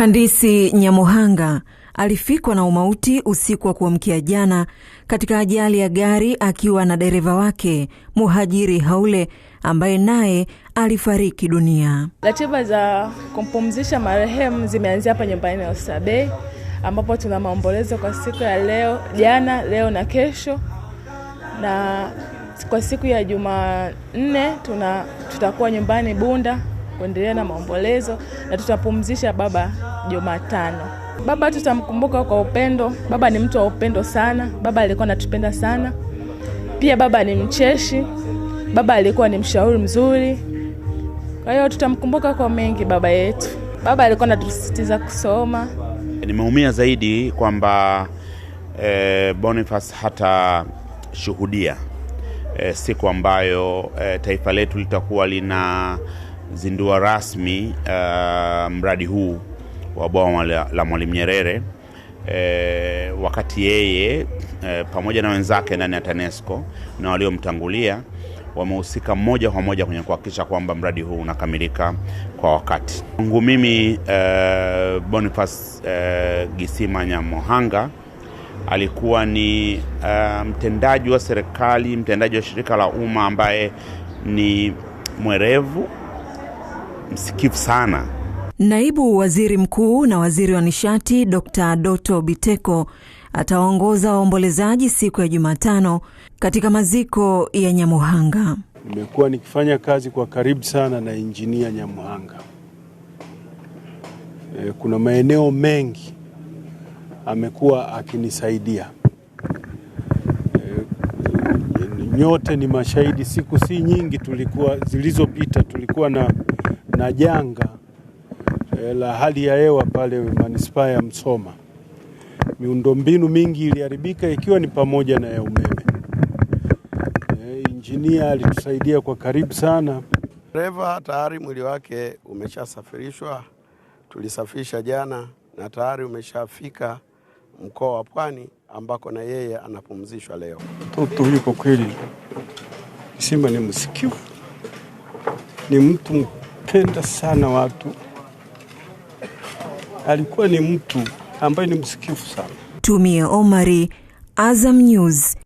Mhandisi Nyamuhanga alifikwa na umauti usiku wa kuamkia jana katika ajali ya gari akiwa na dereva wake Muhajiri Haule ambaye naye alifariki dunia. Ratiba za kumpumzisha marehemu zimeanzia hapa nyumbani Oysterbay, ambapo tuna maombolezo kwa siku ya leo, jana, leo na kesho, na kwa siku ya Jumanne tutakuwa nyumbani Bunda kuendelea na maombolezo na tutapumzisha baba Jumatano. Baba tutamkumbuka kwa upendo. Baba ni mtu wa upendo sana. Baba alikuwa anatupenda sana. Pia baba ni mcheshi. Baba alikuwa ni mshauri mzuri. Kwa hiyo tutamkumbuka kwa mengi baba yetu. Baba alikuwa anatusisitiza kusoma. Nimeumia zaidi kwamba eh, Boniface hatashuhudia eh, siku ambayo eh, taifa letu litakuwa linazindua rasmi eh, mradi huu wa bwawa la, Mwalimu Nyerere e, wakati yeye e, pamoja na wenzake ndani ya TANESCO na waliomtangulia wamehusika moja kwa moja kwenye kuhakikisha kwamba mradi huu unakamilika kwa wakati. ngu mimi e, Boniface e, Gisima Nyamohanga alikuwa ni e, mtendaji wa serikali, mtendaji wa shirika la umma ambaye ni mwerevu, msikifu sana Naibu Waziri Mkuu na Waziri wa Nishati Dr. Doto Biteko atawaongoza waombolezaji siku ya Jumatano katika maziko ya Nyamuhanga. Nimekuwa nikifanya kazi kwa karibu sana na injinia Nyamuhanga. E, kuna maeneo mengi amekuwa akinisaidia. E, nyote ni mashahidi, siku si nyingi tulikuwa zilizopita tulikuwa na, na janga la hali ya hewa pale manispaa ya Msoma. Miundombinu mingi iliharibika ikiwa ni pamoja na ya umeme. E, eh, injinia alitusaidia kwa karibu sana. Dereva tayari mwili wake umeshasafirishwa, tulisafirisha jana na tayari umeshafika mkoa wa Pwani ambako na yeye anapumzishwa leo. Mtoto huyu kwa kweli Simba ni msikivu, ni mtu mpenda sana watu alikuwa ni mtu ambaye ni msikifu sana. Tumie Omari, Azam News.